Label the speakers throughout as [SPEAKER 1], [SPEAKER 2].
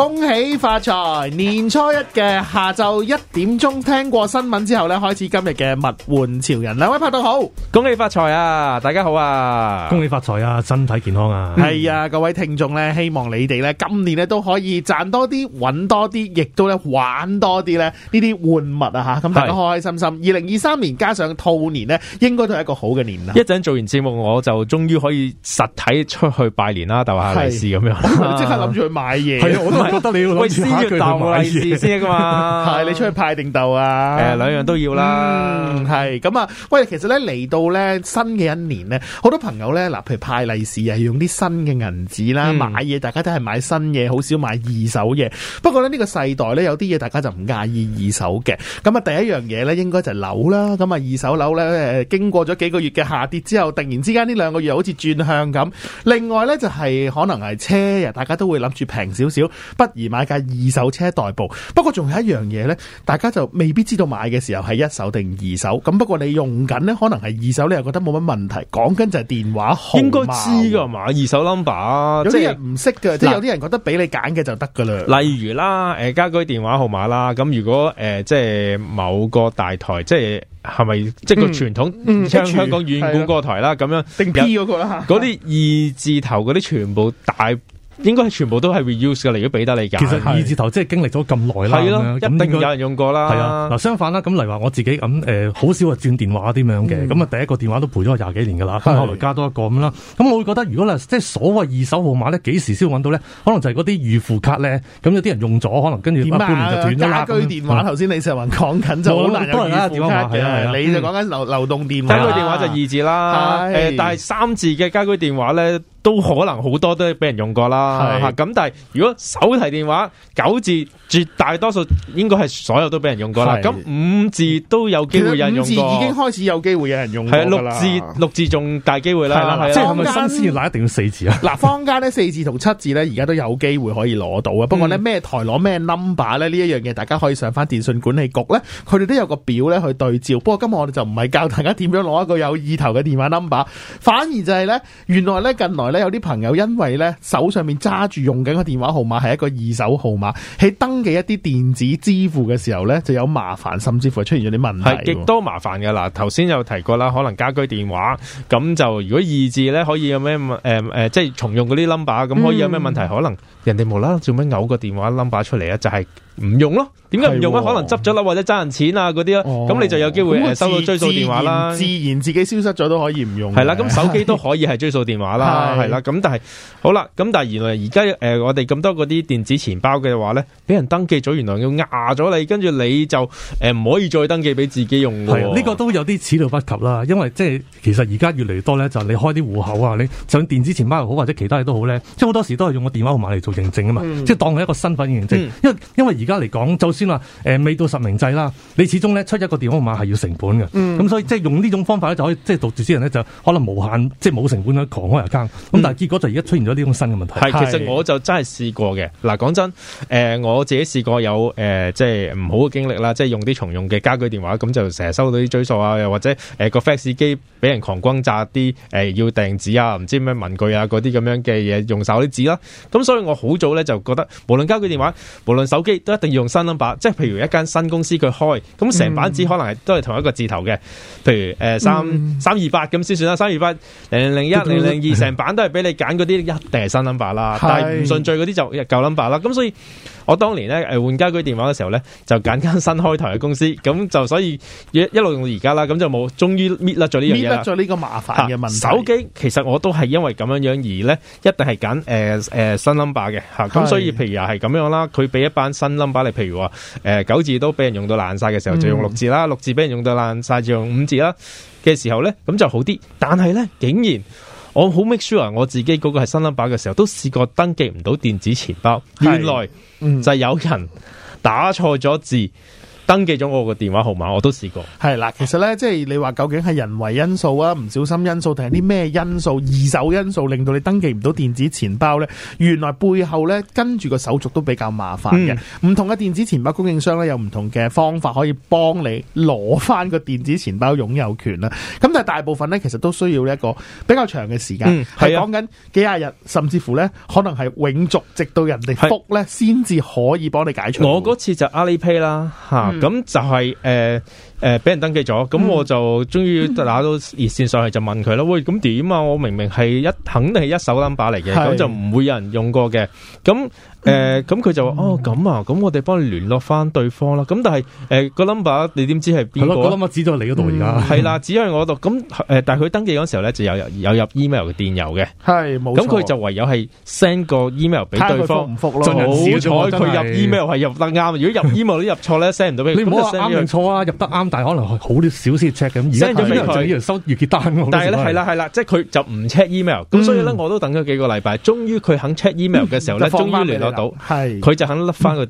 [SPEAKER 1] 恭喜發財！年初一嘅下晝一點鐘，聽過新聞之後呢開始今日嘅物換潮人，兩位拍得好，恭喜發財啊！大家好
[SPEAKER 2] 啊！恭喜發財啊！身體健康啊！係、嗯、
[SPEAKER 1] 啊！各位聽眾呢，希望你哋呢今年呢都可以賺多啲，搵多啲，亦都咧玩多啲呢呢啲換物啊！吓，咁大家開開心心。二零二三年加上兔年呢，應該都係一個好嘅年啦。
[SPEAKER 3] 一陣做完節目，我就終於可以實體出去拜年啦，逗下利是咁樣。即刻諗住
[SPEAKER 1] 去買嘢。 得啦，你要喂，先要斗利是先噶嘛，係你出去派定斗啊？誒、嗯，兩樣都要啦，係咁、嗯、啊。喂，其實咧嚟到，咧新嘅一年咧，好多朋友咧嗱，譬如派利是啊，用啲新嘅銀紙啦，嗯、買嘢大家都係買新嘢，好少買二手嘢。不過咧呢、這個世代咧有啲嘢大家就唔介意二手嘅。咁啊，第一樣嘢咧應該就係樓啦。咁啊，二手樓咧誒，經過咗幾個月嘅下跌之後，突然之間呢兩個月好似轉向咁。另外咧就係、是、可能係車啊，大家都會諗住平少少。不宜買架二手車代步。不過仲有一樣嘢咧，大家就未必知道買嘅時候係一手定二手。咁不過你用緊呢，可能係二手，你又覺得冇乜問題。講緊就係電話號碼。應該知
[SPEAKER 3] 㗎嘛，二手 number。即有啲人唔
[SPEAKER 1] 識㗎，即係有啲人覺得俾你揀嘅就得㗎啦。例
[SPEAKER 3] 如啦，誒家居電話號碼啦。咁如果、呃、即係某個大台，即係係咪即個傳統香、嗯嗯、香港遠古個台啦？咁了樣定 P 嗰個啦。嗰啲有 二字頭嗰啲全部大。應該係全部都係 reuse 嘅，嚟，如果俾得你揀。其實二字頭，
[SPEAKER 2] 即係經歷咗咁耐啦，一定有人
[SPEAKER 3] 用過啦。嗱，
[SPEAKER 2] 相反啦，咁例如話我自己咁，誒，好少去轉電話啲咁樣嘅。咁啊，第一個電話都陪咗我廿幾年噶啦，翻落嚟加多一個咁啦。咁我會覺得，如果啦，即係所謂二手號碼咧，幾時先搵到呢？可能就係嗰啲預付卡咧，咁有啲人用咗，可能跟住一般就斷。家居電話頭先李石雲講緊就好難有預付卡嘅，你就講
[SPEAKER 3] 緊流流動電話。家居電話就二字啦，但係三字嘅家居電話咧，都可能好多都俾人用過啦。係咁，是但係如果手提電話九字，絕大多數應該係所有都俾人用過啦。咁五是字都有機會有人用過，五字已經
[SPEAKER 1] 開始有機會有人用係啦，六字，
[SPEAKER 3] 六字仲大機
[SPEAKER 1] 會啦，係啦，係即係咪新事嗱，
[SPEAKER 2] 一定要四字啊？
[SPEAKER 1] 嗱，坊間呢四字同七字咧，而家都有機會可以攞到啊。嗯、不過呢，咩台攞咩 number 咧呢一樣嘢，大家可以上翻電信管理局咧，佢哋都有個表咧去對照。不過今日我哋就唔係教大家點樣攞一個有意頭嘅電話 number，反而就係咧，原來咧近來咧有啲朋友因為咧手上面。揸住用緊嘅電話號碼係一個二手號碼，喺登記一啲電子支付嘅時候呢，就有麻煩，甚至乎出現咗啲問題。係極
[SPEAKER 3] 多麻煩㗎喇。頭先有提過啦，可能家居電話，咁就如果易字呢，可以有咩誒、呃、即係重用嗰啲 number，咁可以有咩問題？嗯、可能人哋無啦啦做咩？嘔個電話 number 出嚟啊？就係、是。唔用咯，點解唔用咧？哦、可能執咗啦，或者爭人錢啊嗰啲咯，咁、哦、你就有機會收到追數電話啦。自
[SPEAKER 1] 然自己消失咗都可以唔用。係啦，咁手機都
[SPEAKER 3] 可以係追數電話啦，係啦的。咁的但係好啦，咁但係原來而家誒，我哋咁多嗰啲電子錢包嘅話咧，俾人登記咗，原來要壓咗你，跟住你就誒唔、呃、可以再登記俾自己用。呢、這個
[SPEAKER 2] 都有啲始料不及啦，因為即係其實而家越嚟越多咧，就是、你開啲戶口啊，你想電子錢包又好，或者其他嘢都好咧，即係好多時都係用個電話號碼嚟做認證啊嘛，嗯、即係當係一個身份認證。嗯、因為因為而。而家嚟講，就算話誒未到十名制啦，你始終咧出一個電話號碼係要成本嘅。咁、嗯、所以即係用呢種方法咧，就可以即係讀住啲人咧，就可能無限即係冇成本咁狂開又加、嗯。咁但係結果就而家出現咗呢種新嘅問題。係是，是其實我
[SPEAKER 3] 就真係試過嘅。嗱，講、呃、真，誒我自己試過有誒、呃、即係唔好嘅經歷啦，即係用啲重用嘅家居電話，咁就成日收到啲追數啊，又或者誒、呃那個 fax 機俾人狂轟炸啲誒、呃、要訂紙啊，唔知咩文具啊嗰啲咁樣嘅嘢用晒啲紙啦、啊。咁所以我好早咧就覺得，無論家居電話，無論手機。一定要用新 number，即係譬如一間新公司佢開，咁成版紙可能係都係同一個字頭嘅，譬如誒三三二八咁先算啦，三二八零零零一零零二，成版都係俾你揀嗰啲，一定係新 number 啦， 但係唔順序嗰啲就舊 number 啦，咁所以。我當年咧，誒，換家居電話嘅時候咧，就揀間新開台嘅公司，咁就所以一路用到而家啦，咁就冇終於搣甩咗呢樣嘢，搣甩咗呢
[SPEAKER 1] 個麻煩嘅問題。啊、手機
[SPEAKER 3] 其實我都係因為咁樣樣而咧，一定係揀誒誒新 number 嘅吓，咁、啊、所以譬如又係咁樣啦，佢俾一班新 number，你譬如話誒九字都俾人用到爛晒嘅時候，嗯、就用六字啦，六字俾人用到爛晒，就用五字啦嘅時候咧，咁就好啲，但係咧竟然。我好 make sure 我自己嗰個係新 number 嘅時候，都試過登記唔到電子錢包，原來就係有人打錯咗字。登記咗我個電話號碼，我都試過。
[SPEAKER 1] 係啦，其實呢，即係你話究竟係人為因素啊，唔小心因素，定係啲咩因素、二手因素，令到你登記唔到電子錢包呢？原來背後呢，跟住個手續都比較麻煩嘅。嗯、唔同嘅電子錢包供應商呢，有唔同嘅方法可以幫你攞翻個電子錢包擁有權啦。咁但係大部分呢，其實都需要一個比較長嘅時間，係講緊幾廿日，甚至乎呢，可能係永續，直到人哋復呢，先至是可以幫你解除。我嗰次就 Alipay
[SPEAKER 3] 啦，吓、啊。嗯咁就係誒。誒，俾人登記咗，咁我就終於打到熱線上去就問佢啦。喂，咁點啊？我明明係一肯定係一手 number 嚟嘅，咁就唔會有人用過嘅。咁誒，咁佢就話哦，咁啊，咁我哋幫你聯絡翻對方啦。咁但係誒個 number 你點
[SPEAKER 2] 知係邊個？個 number 指咗你嗰度而家係
[SPEAKER 3] 啦，指喺我度。咁誒，但係佢登記嗰時候咧，就有有入 email 嘅電郵嘅。
[SPEAKER 2] 係冇錯。咁佢就
[SPEAKER 3] 唯有係 send 個 email 俾對方唔覆啦。好彩佢入 email 係入得啱。如果入 email 都入錯咧，send 唔到俾你唔好 send 啱定
[SPEAKER 2] 錯啊，入得啱。但係可能好少少 check 咁而 e n d 咗收月單。但係呢，係啦係
[SPEAKER 3] 啦，即係佢就唔 check email，咁、嗯、所以呢，我都等咗幾個禮拜，終於佢肯 check email 嘅時候呢，終於聯絡到，係佢的就肯甩翻個誒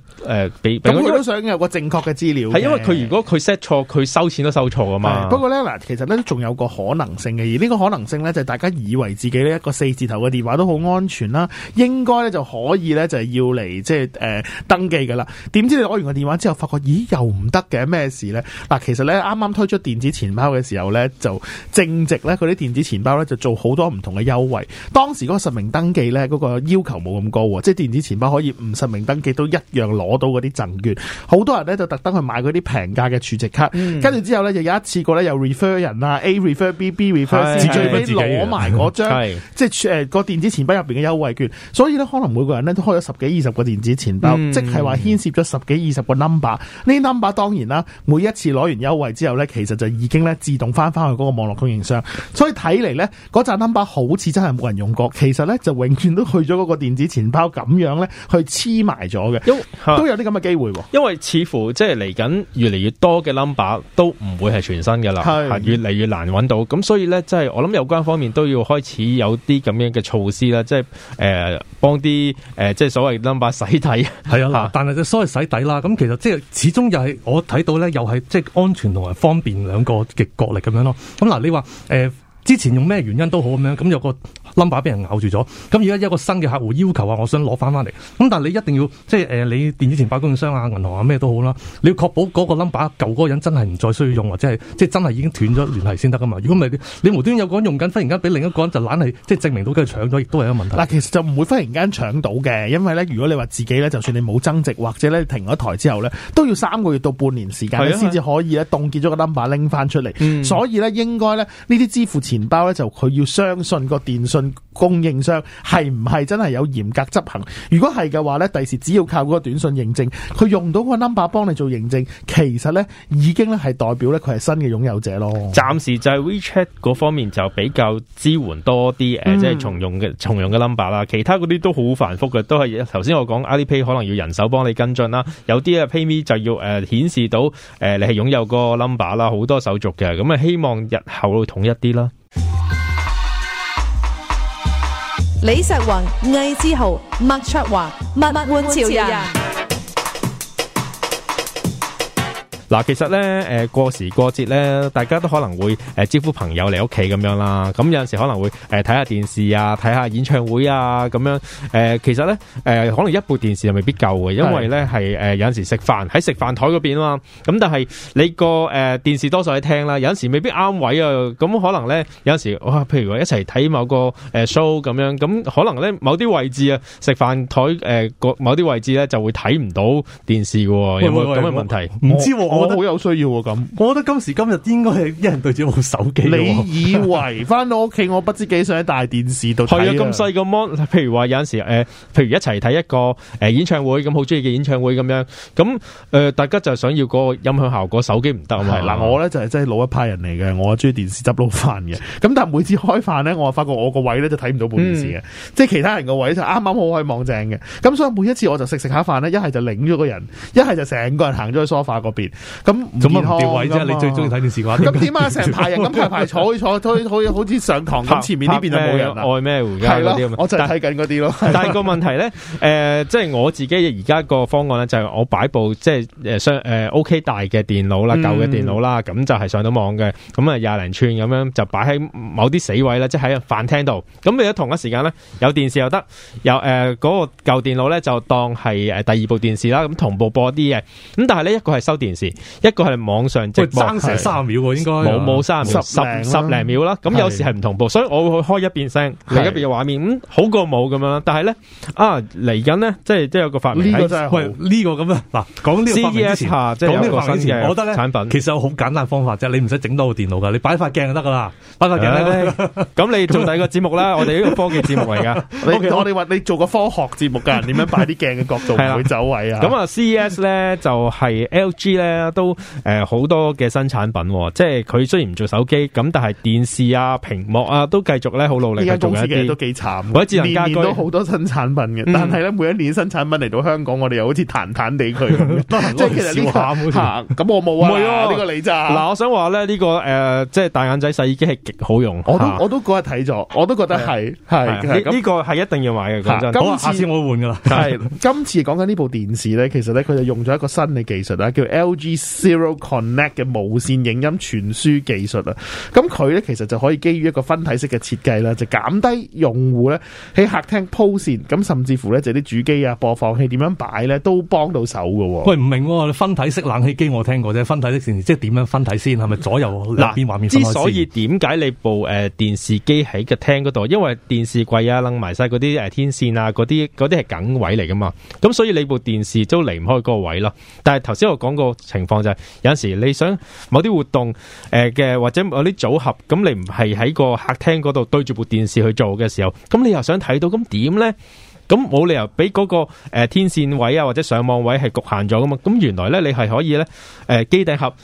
[SPEAKER 3] 俾。咁佢、嗯呃、都
[SPEAKER 1] 想有個正確嘅資料。係因為佢如
[SPEAKER 3] 果佢 set 錯，佢收錢都收錯啊嘛。不過
[SPEAKER 1] 呢，嗱，其實呢仲有個可能性嘅，而、這、呢個可能性呢，就大家以為自己呢一個四字頭嘅電話都好安全啦，應該咧就可以咧就係要嚟即係誒登記嘅啦。點知你攞完個電話之後，發覺咦又唔得嘅咩事呢？嗱？其實咧，啱啱推出電子錢包嘅時候咧，就正值咧，佢啲電子錢包咧就做好多唔同嘅優惠。當時嗰個實名登記咧，嗰個要求冇咁高，即係電子錢包可以唔實名登記都一樣攞到嗰啲贈券。好多人咧就特登去買嗰啲平價嘅儲值卡，跟住、嗯、之後咧又有一次過咧又 refer 人啊，A refer B，B refer，最尾畀你攞埋嗰張，即係誒個電子錢包入邊嘅優惠券。所以咧，可能每個人咧都開咗十幾二十個電子錢包，嗯、即係話牽涉咗十幾二十個 number。呢 number 當然啦，每一次攞完。優惠之後咧，其實就已經咧自動返返去嗰個網絡供應商，所以睇嚟咧嗰扎 number 好似真係冇人用過，其實咧就永遠都去咗嗰個電子錢包咁樣咧去黐埋咗嘅，為都有啲咁嘅
[SPEAKER 3] 機會、啊，因為似乎即係嚟緊越嚟越多嘅 number 都唔會係全新嘅啦，係是越嚟越難揾到，咁所以咧即係我諗有關方面都要開始有啲咁樣嘅措施啦，即係誒、呃、幫啲、呃、即係所謂 number 洗
[SPEAKER 2] 底，啊，啊但係就所謂洗底啦，咁其實即係始終又係我睇到咧，又係即係安。安全同埋方便兩個嘅角力咁樣咯，咁嗱你話誒、呃、之前用咩原因都好咁樣，咁有個 number 俾人咬住咗，咁而家一個新嘅客戶要求啊，我想攞翻翻嚟，咁但係你一定要即係誒、呃，你電子錢包供應商啊、銀行啊咩都好啦，你要確保嗰個 number 舊嗰個人真係唔再需要用，或者係即係真係已經斷咗聯繫先得噶嘛。如果唔係，你無端端有個人用緊，忽然間俾另一個人就懶係，即係證明到佢搶咗，亦都係一個問題。嗱，其實就唔會忽然間搶到嘅，因為咧，如果你話自
[SPEAKER 1] 己咧，就算你冇增值，或者咧停咗台之後咧，都要三個月到半年時間你先至可以咧凍的、啊、結咗個 number 拎翻出嚟。嗯、所以咧應該咧呢啲支付錢包咧就佢要相信個電信。供應商係唔係真係有嚴格執行？如果係嘅話呢第時只要靠嗰個短信認證，佢用到個 number 幫你做認證，其實呢已經咧係代表咧佢係新嘅擁有者咯。
[SPEAKER 3] 暫時就係 WeChat 嗰方面就比較支援多啲誒，嗯、即係重用嘅重用嘅 number 啦。其他嗰啲都好繁複嘅，都係頭先我講 Alipay 可能要人手幫你跟進啦，有啲啊 PayMe 就要誒呃、顯示到誒、呃、你係擁有個 number 啦，好多手續嘅。咁啊希望日後會統一啲啦。
[SPEAKER 2] 李錫宏、魏志豪、麥卓華、麥麥換潮人。
[SPEAKER 3] 嗱，其實咧，誒，過時過節咧，大家都可能會誒招呼朋友嚟屋企咁樣啦。咁有陣時可能會誒睇下電視啊，睇下演唱會啊咁樣。誒，其實咧，誒，可能一部電視就未必夠嘅，因為咧係誒有陣時食飯喺食飯台嗰邊啊嘛。咁但係你個誒電視多數喺廳啦，有陣時未必啱位啊。咁可能咧有陣時，哇，譬如話一齊睇某個誒 show 咁樣，咁可能咧某啲位置啊食飯台誒個某啲位置咧就會睇唔到電視嘅，有冇咁嘅問題？唔知喎。我覺得
[SPEAKER 1] 好有需要喎、啊，咁，
[SPEAKER 2] 我覺得今時今日應該係一人對住部手
[SPEAKER 1] 機。啊、你以為翻到屋企， 我不知幾
[SPEAKER 3] 想喺大電視度睇啊！咁細個芒譬如話有陣時，誒、呃，譬如一齊睇一個誒演唱會，咁好中意嘅演唱會咁樣，咁誒、呃，大家就想要個音響效果，手機唔得啊嘛。嗱，我
[SPEAKER 1] 咧就係真係老一派人嚟嘅，我中意電視執老飯嘅。咁、嗯、但係每次開飯咧，我發覺我個位咧就睇唔到部電視嘅，嗯、即係其他人個位就啱啱好可以望正嘅。咁所以每一次我就食食下飯咧，一係就擰咗個人，一係就成個人行咗去梳化嗰邊。咁唔掉位啫、啊！啊、你最中意睇電視嘅話，咁點啊？成排人咁排排坐， 坐推好似好似上堂咁，拍前面呢
[SPEAKER 3] 邊就冇人啦。愛咩胡？係咯，我就睇
[SPEAKER 1] 緊嗰啲咯。
[SPEAKER 3] 但係 個問題咧，誒、呃，即係我自己而家個方案咧，呃 OK 嗯、就係我擺部即係誒誒 O K 大嘅電腦啦，舊嘅電腦啦，咁就係上到網嘅。咁啊廿零寸咁樣就擺喺某啲死位啦，即係喺飯廳度。咁你同一時間咧，有電視又得，有誒嗰、呃那個舊電腦咧就當係誒第二部電視啦。咁同步播啲嘅。咁但係呢一個係收電視，一個係網上直播，差成三十秒喎，應該冇冇三十十十零秒啦。咁有時係唔同步，所以我會開一邊聲，另一邊嘅畫面，好過冇咁樣。但係咧啊，嚟緊咧，即係即係有個發明喺，呢個真係，喂
[SPEAKER 2] 呢個咁，啊嗱，講呢個發明之前，講呢個新嘅產品。其實好簡單方法啫，你唔使整多部電腦噶，你擺塊鏡就得噶啦，擺塊鏡就得，咁你做第二個節目啦，我哋呢個科技節目嚟噶。我哋話你做個科學節目噶，點樣擺啲鏡嘅角
[SPEAKER 1] 度唔會走位啊？咁啊
[SPEAKER 3] ，CES 咧就係 LG 咧。都誒好多嘅新產品，即係佢雖然唔做手機咁，但係電視啊、屏幕啊都繼續咧好努力。而家公司嘅嘢都幾慘，年年都好
[SPEAKER 1] 多新產品嘅，但係咧每一年新產品嚟到香港，我哋又好似彈彈地佢，即係其實呢行咁我冇啊，呢個你咋？嗱，我
[SPEAKER 3] 想話咧呢個誒，即係大眼仔洗衣機係極好用，我都我
[SPEAKER 1] 都嗰日睇咗，我都覺得係係呢
[SPEAKER 3] 個係一定要買嘅。今次先會換
[SPEAKER 1] 噶啦，係今次講緊呢部電視咧，其實咧佢就用咗一個新嘅技術啊，叫 LG。Zero Connect 嘅無線影音傳輸技術啊，咁佢咧其實就可以基於一個分體式嘅設計啦，就減低用戶咧喺客廳鋪線，咁甚至乎咧就啲主機啊、播放器點樣擺咧都幫到手㗎。喂，唔
[SPEAKER 2] 明，分體式冷氣機我聽過啫，分體式先，即係點樣分體先係咪左右兩邊畫面？之所以
[SPEAKER 3] 點解你部誒電視機喺個廳嗰度，因為電視櫃啊掹埋晒嗰啲誒天線啊，嗰啲嗰啲係梗位嚟噶嘛，咁所以你部電視都離唔開嗰個位咯。但係頭先我講過情況就係，有陣時你想某啲活動，誒嘅或者某啲組合，咁你唔係喺個客廳嗰度對住部電視去做嘅時候，咁你又想睇到，咁點呢？咁冇理由俾嗰個誒天綫位啊，或者上網位係局限咗噶嘛？咁原來呢，你係可以呢，誒機頂盒。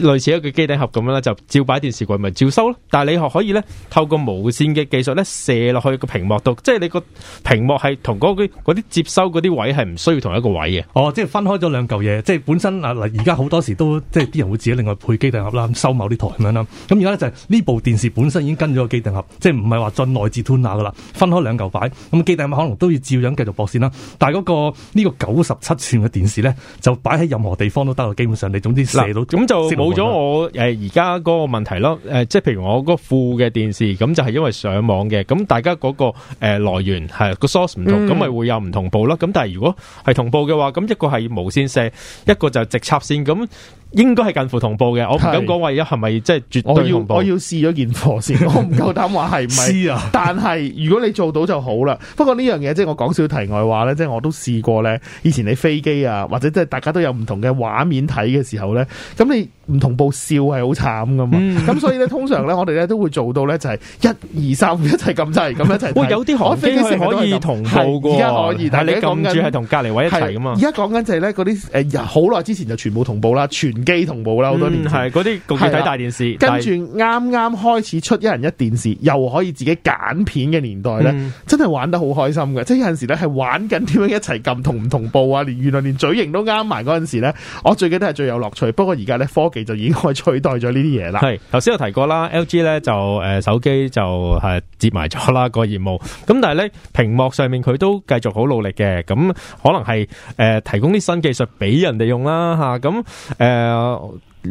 [SPEAKER 3] 類似一個機頂盒咁樣啦，就照擺電視櫃咪照收咯。但係你學可以咧透過無線嘅技術咧射落去個屏幕度，即係你個屏幕係同嗰啲接收嗰啲位係唔需
[SPEAKER 2] 要同一個位嘅。哦，即係分開咗兩嚿嘢，即係本身嗱而家好多時都即係啲人會自己另外配機頂盒啦，收某啲台咁樣啦。咁而家呢，就係、是、呢部電視本身已經跟咗個機頂盒，即係唔係話進內置 tuner 噶啦，分開兩嚿擺。咁機頂盒可能都要照樣繼續駁線啦。但嗰、那個呢、這個九十七吋嘅電視咧，就擺喺任何地方都得。基本上你總之射到咁就。冇咗我
[SPEAKER 3] 誒而家嗰個問題咯，誒即係譬如我個副嘅電視，咁就係因為上網嘅，咁大家嗰個誒來源係個 source 唔同，咁咪會有唔同步咯。咁但係如果係同步嘅話，咁一個係無線射，一個就係直插線咁。應該係近乎同步嘅，我唔敢講話而家係咪即係絕對同步。我要我要
[SPEAKER 1] 試咗件貨先， 我唔夠膽話係咪。但係如果你做到就好啦。不過呢樣嘢即係我講少題外話咧，即係我都試過咧。以前你飛機啊，或者即係大家都有唔同嘅畫面睇嘅時候咧，咁你唔同步笑係好慘噶嘛。咁、嗯、所以咧，通常咧，我哋咧都會做到咧就係一二三一齊撳掣咁就係咁一齊。有啲開飛機可以同步噶，我而但係你撳住係同隔籬位一齊噶嘛？而家講緊就係呢嗰啲誒，好耐之前就全部同步啦，全。機同步啦，好多年前嗰啲共睇大電視，的是跟住啱啱開始出一人一電視，又可以自己揀片嘅年代咧，嗯、真係玩得好開心嘅。嗯、即係有陣時咧，係玩緊點樣一齊撳同唔同步啊！連原來連嘴型都啱埋嗰陣時咧，我最記得係最有樂趣。不過而家咧，科技就已經可以取代咗呢啲嘢啦。係
[SPEAKER 3] 頭先有提過啦，LG 咧就誒、呃、手機就係、呃、接埋咗啦個業務。咁但係咧屏幕上面佢都繼續好努力嘅。咁可能係誒、呃、提供啲新技術俾人哋用啦吓。咁、啊、誒。啊，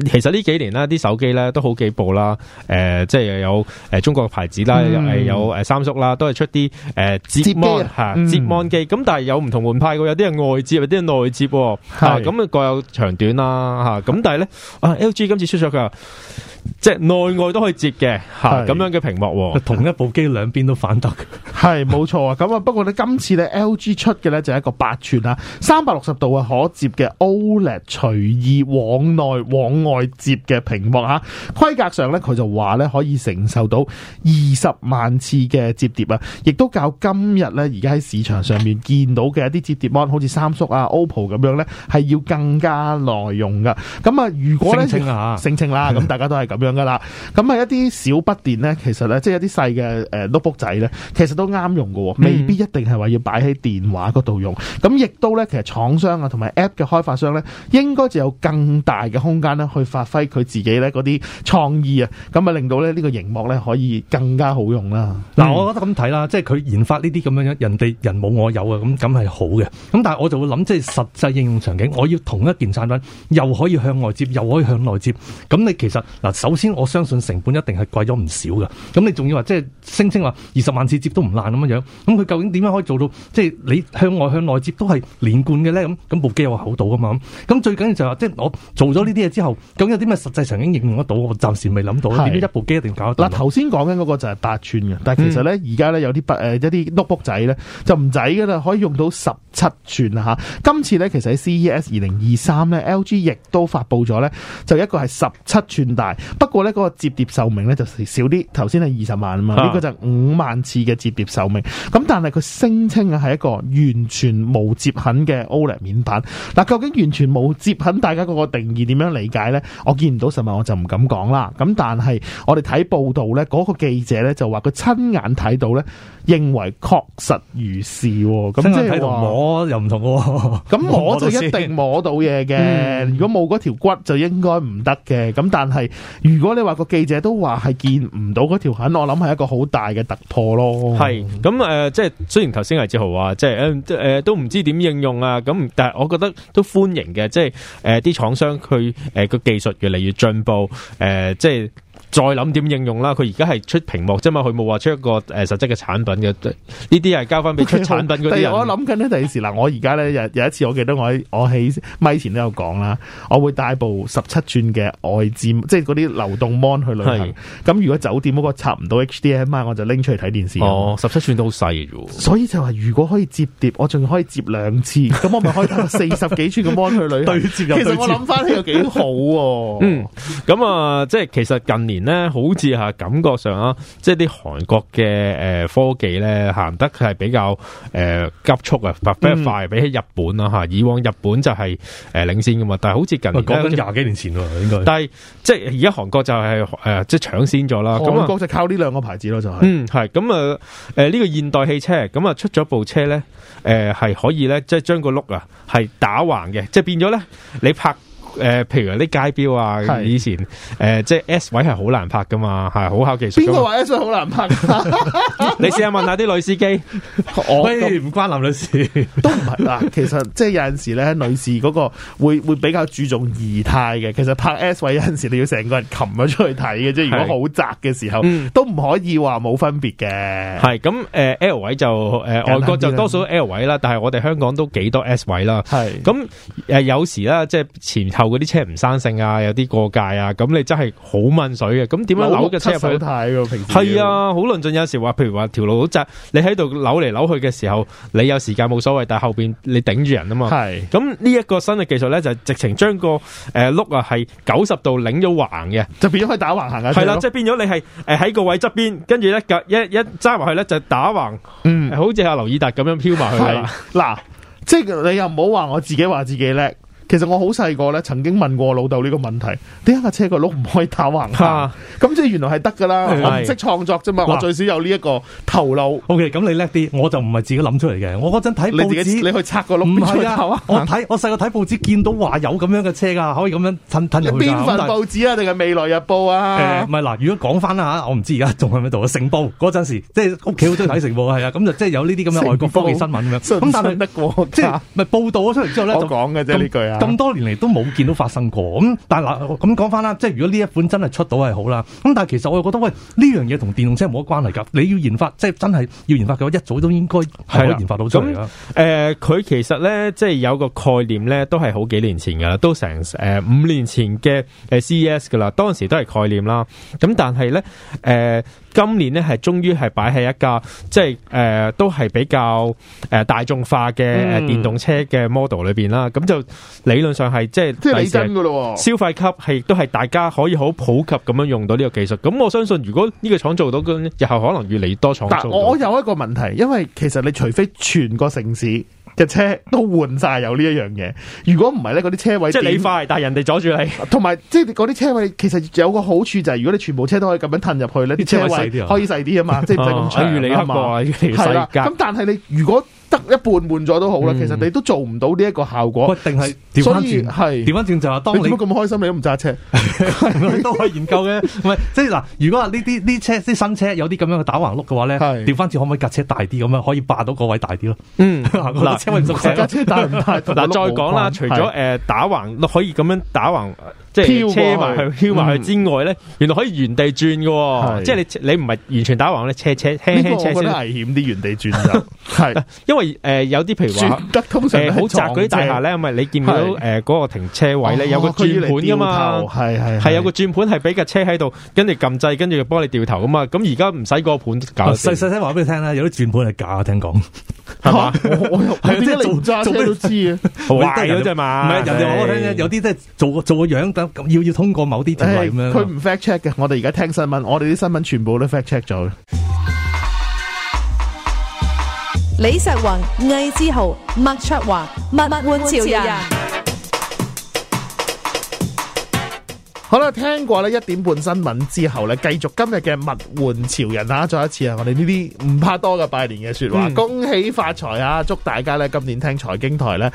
[SPEAKER 3] 其實呢幾年呢啲手機咧都好幾部啦，誒、呃，即係有誒、呃、中國嘅牌子啦，嗯、有誒三叔啦，都係出啲誒摺芒吓摺芒機，咁但係有唔同門派嘅，有啲係外接，有啲係內接，吓咁是啊各有長短啦，吓、啊、咁但係咧啊 LG 今次出咗架。即係內外都可以折嘅，咁、啊、樣嘅屏幕，同一部機兩邊
[SPEAKER 1] 都反特，係冇錯啊，咁啊，不過咧 今次咧 LG 出嘅咧就係、一個八寸啊，三百六十度啊可折嘅 OLED 隨意往內往外折嘅屏幕啊。規格上咧佢就話咧可以承受到二十萬次嘅折疊啊，亦都較今日咧而家喺市場上面見到嘅一啲折疊 mon，好似三叔啊、OPPO 咁樣咧係要更加耐用噶。咁啊，如果咧聲稱、啊、聲稱啦，咁 大家都係。咁樣噶啦，咁一啲小筆電咧，其實咧即係一啲細嘅誒 notebook 仔咧，其實都啱用喎。未必一定係話要擺喺電話嗰度用。咁亦都咧，其實廠商啊同埋 app 嘅開發商咧，應該就有更大嘅空間咧去發揮佢自
[SPEAKER 2] 己咧嗰啲創意
[SPEAKER 1] 啊，咁啊令到咧呢個熒幕咧可以更加好用啦。嗱，嗯、我
[SPEAKER 2] 覺得咁睇啦，即係佢研發呢啲咁樣樣，人哋人冇我有啊，咁咁係好嘅。咁但係我就會諗，即係實際應用場景，我要同一件產品又可以向外接，又可以向內接，咁你其實嗱。首先，我相信成本一定係貴咗唔少嘅。咁你仲要話即係聲稱話二十萬次接都唔爛咁樣樣，咁佢究竟點樣可以做到即係、就是、你向外向內接都係連貫嘅咧？咁咁部機有口到㗎嘛。咁最緊要就係即係我做咗呢啲嘢之後，究竟有啲咩實際曾已經應用得到？我暫時未諗到。係是。點解一部機一定要搞一？得到。嗱，頭先講緊嗰個就係八寸嘅，但係其實咧
[SPEAKER 1] 而家咧有啲誒一啲 notebook 仔咧、嗯、就唔使㗎啦，可以用到十七寸啊嚇。今次咧其實喺 CES 二零二三咧，LG 亦都發布咗咧，就一個係十七寸大。不過呢，嗰個摺疊壽命呢，就少啲。頭先係二十萬啊嘛，呢個就五萬次嘅摺疊壽命。咁但係佢聲稱嘅係一個完全冇摺痕嘅 OLED 面板。嗱，究竟完全冇摺痕，大家嗰個定義點樣理解呢？我見唔到實物，我就唔敢講啦。咁但係我哋睇報道呢嗰，嗰個記者呢，就話佢親眼睇到呢，認為確實如是。咁即係摸
[SPEAKER 2] 又唔同喎。
[SPEAKER 1] 咁我就一定摸到嘢嘅。嗯，如果冇嗰條骨就應該唔得嘅。咁但係。如果你話個記者都話係見唔到嗰條痕，我諗係一個好大嘅突破咯。係，
[SPEAKER 3] 咁、呃、誒，即係雖然頭先阿志豪話，即係誒，即、呃、誒，都唔知點應用啊。咁但係我覺得都歡迎嘅，即係誒，啲、呃、廠商佢誒個技術越嚟越進步，誒、呃，即係。再諗點應用啦，佢而家係出屏幕啫嘛，佢冇話出一個誒實質嘅
[SPEAKER 1] 產品嘅。呢啲
[SPEAKER 3] 係交翻俾出產品嗰啲。Okay, 但我
[SPEAKER 1] 諗緊呢，第二時嗱，我而家咧有一次，我記得我喺我喺咪前都有講啦，我會帶部十七寸嘅外置，即係嗰啲流動 mon 去旅行。咁是如果酒店嗰個插唔到 HDMI，我就拎出嚟睇電視。哦，十七寸都好細嘅。所以就話如果可以摺疊，我仲可以摺兩次，咁 我咪可以帶四十幾寸嘅 mon 去旅行。對接對接其實我諗翻起又幾好啊。喎、 嗯。咁
[SPEAKER 3] 啊，即係其實近年。咧好似吓感覺上啊，即係啲韓國嘅誒、呃、科技咧行得係比較誒、呃、急速啊快、嗯、比起日本啦吓。以往日本就係、是、誒、呃、領先噶嘛，但係好似近年講緊廿幾年前應該。但係即係而家韓國就係、是、誒、呃、即係搶先咗啦。我覺得
[SPEAKER 1] 就靠呢兩個牌子咯，嗯、就係、是嗯。
[SPEAKER 3] 嗯，係咁啊誒呢個現代汽車咁啊、嗯、出咗部車咧誒係可以咧即係將個碌啊係打橫嘅，即係變咗咧你拍。誒，譬如啲街標啊，以前誒，即係 S 位係好難拍噶嘛，係好考技術。邊個位
[SPEAKER 1] S 位好難拍？
[SPEAKER 3] 你試下
[SPEAKER 1] 問下啲女司機，我唔關林女士都唔係啦。其實即係有陣時咧，女士嗰個會會比較注重儀態嘅。其實拍 S 位有陣時你要成個人擒咗出去睇嘅啫。如果好窄嘅時候，都唔可以話冇分別嘅。
[SPEAKER 3] 係咁，誒 L 位就誒外國就多數 L 位啦，但係我哋香港都幾多 S 位啦。係咁誒，有時啦，即係前。後嗰啲車唔生性啊，有啲過界啊，咁你真係好掹水嘅。咁點樣扭嘅車好睇？係啊，好論盡。有時話，譬如話條路好窄，你喺度扭嚟扭去嘅時候，你有時間冇所謂，但係後邊你頂住人啊嘛。係咁呢一個新嘅技術咧，就係、直情將、個誒碌、呃、啊係九十度擰咗橫嘅，就是、變咗去打橫行啊。係啦，即係變咗你係誒喺個位側邊，跟住一一一揸埋去咧就打橫。嗯，好似阿劉以達咁樣飄埋去啦。
[SPEAKER 1] 嗱，即係你又唔好話我自己話自己叻。其實我好細個咧，曾經問過老豆呢個問題，點解架車個轆唔可以打橫行？咁即係原來係得噶啦，唔識創作啫嘛，我最少有呢一個頭
[SPEAKER 2] 腦。O K，咁你叻啲，我就唔係自己諗出嚟嘅。我嗰陣睇報紙，你去拆個轆？唔係啊，我睇我細個睇報紙，見到話有咁樣嘅車噶，可以咁樣吞吞邊份報紙啊？定係《未來日報》啊？唔係嗱，如果講翻啦吓，我唔知而家仲喺唔喺度啊？《成報》嗰陣時，即係屋企好中意睇《成報》，係啊，咁就即係有呢啲咁嘅外國科技新聞咁，但係得即係咪報道咗出嚟之後咧？我講嘅啫呢句啊。咁多年嚟都冇見到發生過，咁但係嗱，咁講返啦，即係如果呢一款真係出到係好啦，咁但係其實我又覺得，喂，呢樣嘢同電動車冇乜關係㗎，你要研發，即係真係要研發嘅話，一早都應該係可以研發到出嚟啦。佢、呃、其實咧，即係有
[SPEAKER 3] 個概念咧，都係好幾年前㗎啦，都成誒五年前嘅、呃、CES 㗎啦，當時都係概念啦。咁但係咧，誒、呃。今年咧，係終於係擺喺一架即係誒、呃、都係比較誒大眾化嘅電動車嘅 model 裏邊啦，咁、嗯、就理論上係即係即係真嘅咯、哦、消費級係亦都係大家可以好普及咁樣用到呢個技術。咁我相信如果呢個廠做到咁，日後可能越嚟越多廠。但
[SPEAKER 1] 我有一個問題，因為其實你除非全個城市。嘅車都換晒有呢一樣嘢，如果唔係咧，嗰啲車位即係你快，但係人哋阻住你，同埋即係嗰啲車位其實有個好處就係、是，如果你全部車都可以咁樣褪入去咧，啲車、啊、車位可以細啲啊嘛， 即係唔使咁搶住你一個咁吧但係你如果，得一半換咗都好啦，其實你都做唔到呢一個
[SPEAKER 2] 效果，定係所以係調翻轉就當你咁開心你都唔揸車？你都可以研究嘅。唔係即係嗱，如果話呢啲呢車啲新車有啲咁樣嘅打橫碌嘅話咧，調翻轉可唔可以架車大啲咁樣可以霸到個位大啲咯？嗯，嗱，架車大唔大？嗱，再講啦，除咗誒打橫可以咁樣打橫。即係車埋去飄埋去之
[SPEAKER 3] 外咧，嗯、原來可以原地轉喎、哦。是即係你你唔係完全打橫咧，車車輕輕車先。斜斜個我危險啲原地轉㗎。係斜，因為誒、呃、有啲譬如話，得通常好、呃、窄嗰啲大廈咧，咪是你見到誒嗰、呃那個停車位咧、哦、有個轉盤㗎嘛，係係係有個轉盤係俾架車喺度，跟住撳掣，跟住幫你掉頭㗎嘛。咁而家唔使個盤搞，細細
[SPEAKER 2] 聲話俾你聽啦，有啲轉盤係假，聽講。
[SPEAKER 1] 係嘛？我又係即係做渣，做咩都知
[SPEAKER 2] 啊！壞咗真係嘛？唔係人哋話我聽啫，有啲即係做做個樣得，要要通過某啲條例咁樣。佢唔
[SPEAKER 1] fact check 嘅，我哋而家聽新聞，我哋啲新聞全部都 fact check 咗
[SPEAKER 2] 嘅。李石宏、魏志豪、麥卓華、物玩潮人。
[SPEAKER 1] 好啦，聽過呢一點半新聞之後呢，繼續今日嘅物換潮人啊！再一次啊，我哋呢啲唔怕多嘅拜年嘅說話，恭喜發財啊！祝大家呢今年聽財經台呢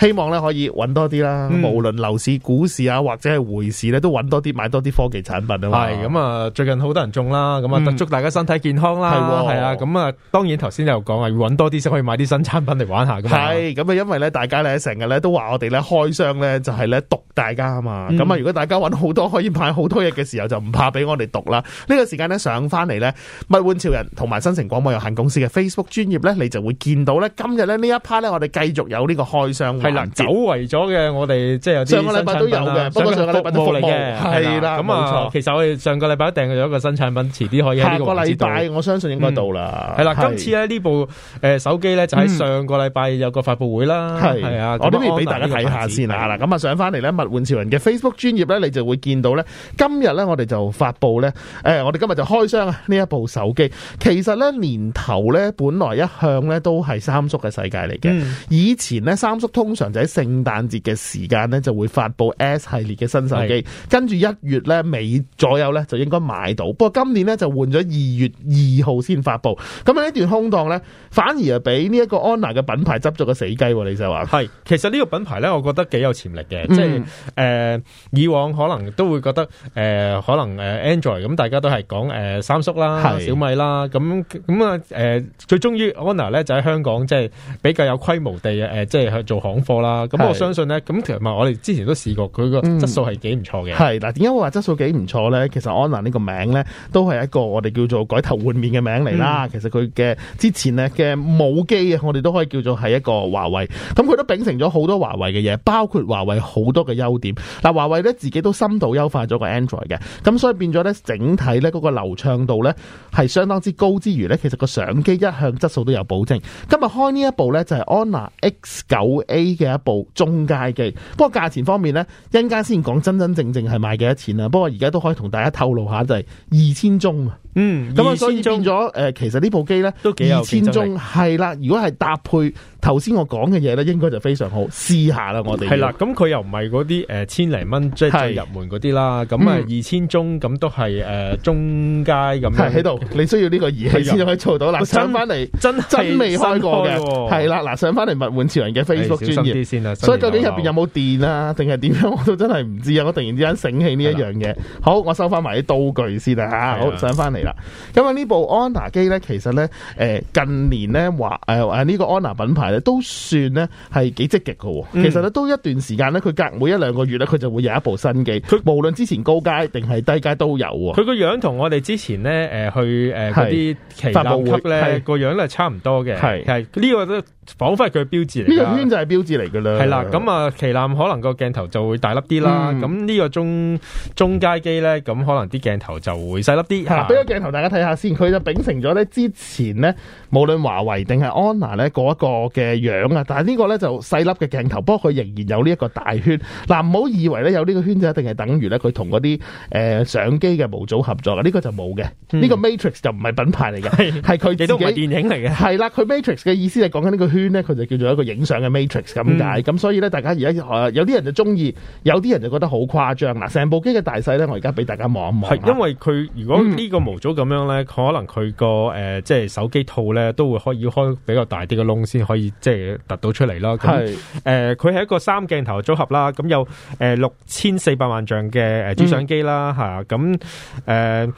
[SPEAKER 1] 希望咧可以揾多啲啦，無論樓市、股市啊，或者係匯市咧，都揾多啲買多啲科技產品啊。係咁
[SPEAKER 3] 啊，最近好多人中啦，咁啊，祝大家身體健康啦，係啊、嗯，咁啊的，當然頭先又講啊，要揾多啲先可以買啲新產品嚟玩下。係
[SPEAKER 1] 咁啊，因為咧，大家咧成日咧都話我哋咧開箱咧就係咧毒大家啊嘛。咁啊、嗯，如果大家揾好多可以買好多嘢嘅時候，就唔怕俾我哋毒啦。呢、這個時間咧上翻嚟咧，物玩潮人同埋新城廣播有限公司嘅 Facebook 專業咧，你就會見到咧今日咧呢一 part 咧，我哋繼續有呢個開箱。係啦，走圍咗嘅我哋，即係有啲上個禮拜都有嘅，不過上個禮拜都冇嚟嘅，係啦。咁啊，其
[SPEAKER 3] 實我哋上個禮拜訂咗一個新產品，遲啲可以。下個禮拜我相信應該到
[SPEAKER 1] 啦。係啦，今次咧呢部誒手機咧就喺上個禮拜有個發布會啦。係啊，我都未俾大家睇下先啊。嗱，咁啊上翻嚟咧，物換潮人嘅 Facebook 專頁咧，你就會見到咧，今日咧我哋就發布咧，誒我哋今日就開箱啊呢一部手機。其實咧年頭咧本來一向咧都係三叔嘅世界嚟嘅，以前咧三叔通。通常喺聖誕節嘅時間咧，就會發布 S 系列嘅新手機，跟住一月咧尾左右咧就應該買到。不過今年咧就換咗二月二號先發布。咁喺呢段空檔咧，反而啊俾呢一個 HONOR 嘅品牌執咗個死雞。你就話，係其實
[SPEAKER 3] 呢個品牌咧，我覺得幾有潛力嘅。嗯、即係誒、呃，以往可能都會覺得誒、呃，可能誒 Android 咁，大家都係講誒三叔啦、是小米啦，咁咁啊誒，最終於 HONOR 咧就喺香港即係比較有規模地誒、呃，即係去做行。啦，咁我相信呢，咁其實我哋之前都試過，佢個質素係幾唔錯嘅。係。
[SPEAKER 1] 嗱，點解我話質素幾唔錯呢？其實 HONOR 呢個名呢，都係一個我哋叫做改頭換面嘅名嚟啦。嗯、其實佢嘅之前呢嘅母機啊，我哋都可以叫做係一個華為。咁佢都秉承咗好多華為嘅嘢，包括華為好多嘅優點。嗱，華為呢自己都深度優化咗個 Android 嘅，咁所以變咗呢，整體呢個流暢度呢，係相當之高之餘呢，其實個相機一向質素都有保證。今日開呢一部呢，就係 HONOR X 九 A。嘅一部中階機不過價錢方面呢，一陣間先講真真正正係賣幾多錢啊。不過而家都可以同大家透露下，就係二千宗。嗯，咁啊，所以變咗誒，其實呢部機咧，二千鐘係啦。如果係搭配頭先我講嘅嘢咧，應該就非常好。試下啦，我哋係啦。咁佢又唔係嗰啲誒千零蚊即係入門嗰啲啦。咁啊，二千鐘咁都係誒中階咁。係喺度，你需要呢個儀器先可以做到啦。上翻嚟，真真未開過嘅，係啦。嗱，上翻嚟物玩潮人嘅 Facebook 專業，所以究竟入邊有冇電啊？定係點樣？我都真係唔知啊！我突然之間醒起呢一樣嘢。好，我收翻埋啲道具先啦吓，好，上翻嚟。咁啊、嗯、呢部 HONOR 機咧，其實咧，誒、呃、近年咧話誒誒呢、呃這個 HONOR 品牌咧，都算咧係幾積極嘅。嗯、其實咧都一段時間咧，佢隔每一兩個月咧，佢就會有一部新機。佢它無論之前高階定係低階都有、啊。佢
[SPEAKER 3] 個樣同我哋之前咧，誒、呃、去誒嗰啲旗艦級咧個樣咧差唔多嘅。係，係呢個都仿佛佢標誌嚟。呢個圈就係標誌嚟噶啦。係啦，咁啊旗艦可能個鏡頭就會大粒啲啦。咁呢、嗯、個中中階機咧，咁可能啲鏡頭就會細粒啲。的
[SPEAKER 1] 請同大家睇下先，佢就秉承咗咧之前咧。無論華為定係安娜咧嗰一個嘅樣啊，但係呢個咧就細粒嘅鏡頭，不過佢仍然有呢一個大圈。嗱、啊，唔好以為咧有呢個圈就一定係等於咧佢同嗰啲相機嘅模組合作嘅，呢、這個就冇嘅。呢、嗯、個 matrix 就唔係品牌嚟嘅，係佢哋都嘅電影嚟嘅。係啦，佢 matrix 嘅意思就講緊呢個圈咧，佢就叫做一個影相嘅 matrix 咁解。咁、嗯、所以咧，大家而家有啲人就中意，有啲人就覺得好誇張啦。成部機嘅大細咧，我而家俾大家望一望。
[SPEAKER 3] 因為佢如果呢個模組咁樣咧，嗯、可能佢個即係手機套咧。都會可以開比較大啲嘅窿，先可以即係凸到出嚟咯係，誒，佢、呃、係一個三鏡頭組合啦，咁有誒六千四百萬像嘅誒、呃、主相機啦，吓、
[SPEAKER 1] 嗯，咁誒。呃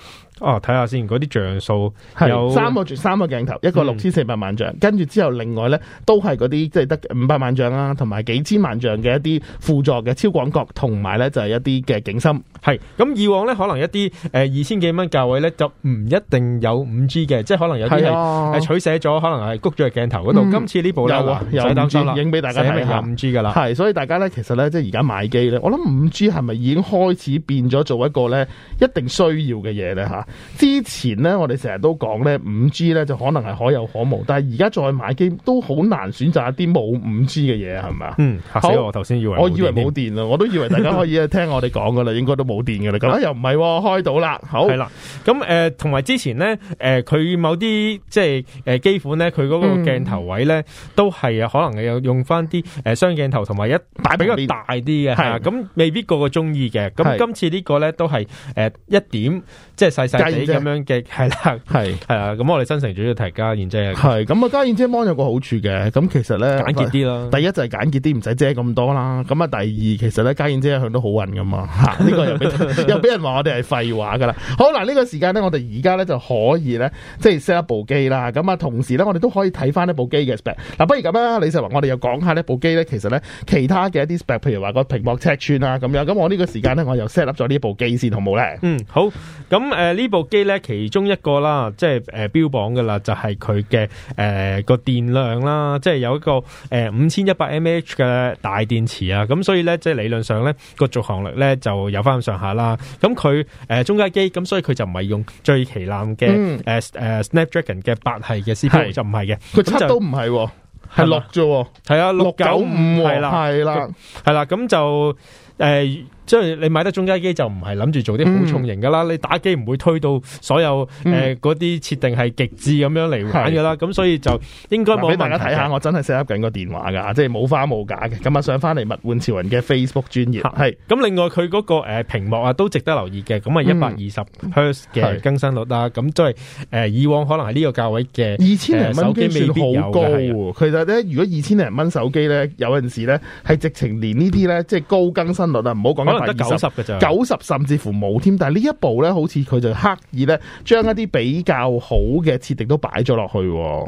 [SPEAKER 1] 哦，睇下先看看，嗰啲像素有三個，三個鏡頭，一個六千四百萬像，跟住、嗯、之後另外咧都係嗰啲即係得五百萬像啦、啊，同埋幾千萬像嘅一啲輔助嘅超廣角，同埋咧就係、是、一啲嘅景深。係咁以往
[SPEAKER 3] 咧可能一啲誒二千幾蚊價位咧就唔一定有五 G 嘅，即係可能有啲係、啊、取捨咗，可能係谷咗嘅鏡頭嗰度。嗯、今次部呢部咧，有五 G 啦，影俾大家睇下，有五 G 噶啦。係
[SPEAKER 1] 所以大家咧，其實咧即係而家買機咧，我諗五 G 係咪已經開始變咗做一個咧一定需要嘅嘢咧吓？之前咧，我哋成日都講呢五 G 咧，就可能係可有可無。但係而家再買機都好難選擇一啲冇五 G 嘅嘢，係咪？嗯，嚇死我！頭先好以為我以為冇電啊，我都以為大家可以聽我哋講噶啦， 應該都冇電嘅啦。咁、哎、又唔係，哦，開到啦，好係啦。咁、呃、誒，同埋之前咧，誒、呃，佢某啲即
[SPEAKER 3] 係誒機款咧，佢嗰個鏡頭位咧，嗯、都係可能有用翻啲誒雙鏡頭，同埋一大比較大啲嘅係啊。咁未必個個中意嘅。咁的今次個呢個咧都係誒一點即係細細。家燕姐，咁樣嘅係啦，係係啊，咁是我哋新城主要提家燕姐係，
[SPEAKER 1] 咁啊家燕姐芒有個好處嘅，咁其實咧簡潔啲咯。第一就係簡潔啲，唔使遮咁多啦。咁啊第二，其實咧家燕姐一向都好運噶嘛。嚇、 啊，呢、這個又又俾人話我哋係廢話噶啦。好嗱，呢、這個時間咧，我哋而家咧就可以咧，即係 set 一部機啦。咁啊，同時咧，我哋都可以睇翻呢部機嘅 spec。嗱，不如咁啦，李世華，我哋又講下呢部機咧，其實咧其他嘅一啲 spec，譬如話個屏幕尺寸啊咁樣。咁我呢個時間咧，我又 set up 咗呢部機先，好冇咧？嗯，好。咁誒
[SPEAKER 3] 呢？呃呢部機咧，其中一個啦，即係誒、呃、標榜嘅啦，就係佢嘅誒個電量啦，即係有一個誒五千一百 mAh、ah、嘅大電池啊，咁、嗯、所以咧即係理論上咧個續航力咧就有翻咁上下啦。咁佢誒中階機，咁所以佢就唔係用最旗艦嘅誒誒 Snapdragon、嗯呃、嘅八系嘅 CPU，就唔係嘅，佢七是就都唔係、哦，係六啫，係啊六九五系啦，係啦，係啦、啊，咁就誒。呃即係你買得中階機就唔係諗住做啲好重型噶啦，嗯、你打機唔會推到所有誒嗰啲設定係極致咁樣嚟玩噶啦，
[SPEAKER 1] 咁、嗯、所以就應該俾大家睇下，的我真係 set 緊個電話噶，即係冇花冇假嘅。咁啊上翻嚟物玩潮人嘅 Facebook 專頁係，咁、啊啊、另外佢嗰個誒屏幕啊都值得留意嘅。咁
[SPEAKER 3] 啊一百二十 Hertz 嘅更新率啦，咁即係誒以往可能係呢個價位嘅二千零蚊手機未必好高，
[SPEAKER 1] 的其實咧，如果二千零蚊手機咧，有陣時咧係直情連呢啲咧，即、就、係、是、高更新率啊，唔好講。得九十嘅咋，九十甚至乎冇添。但係呢一部咧，好似佢就刻意咧，將一啲比較好嘅設定都擺咗落去。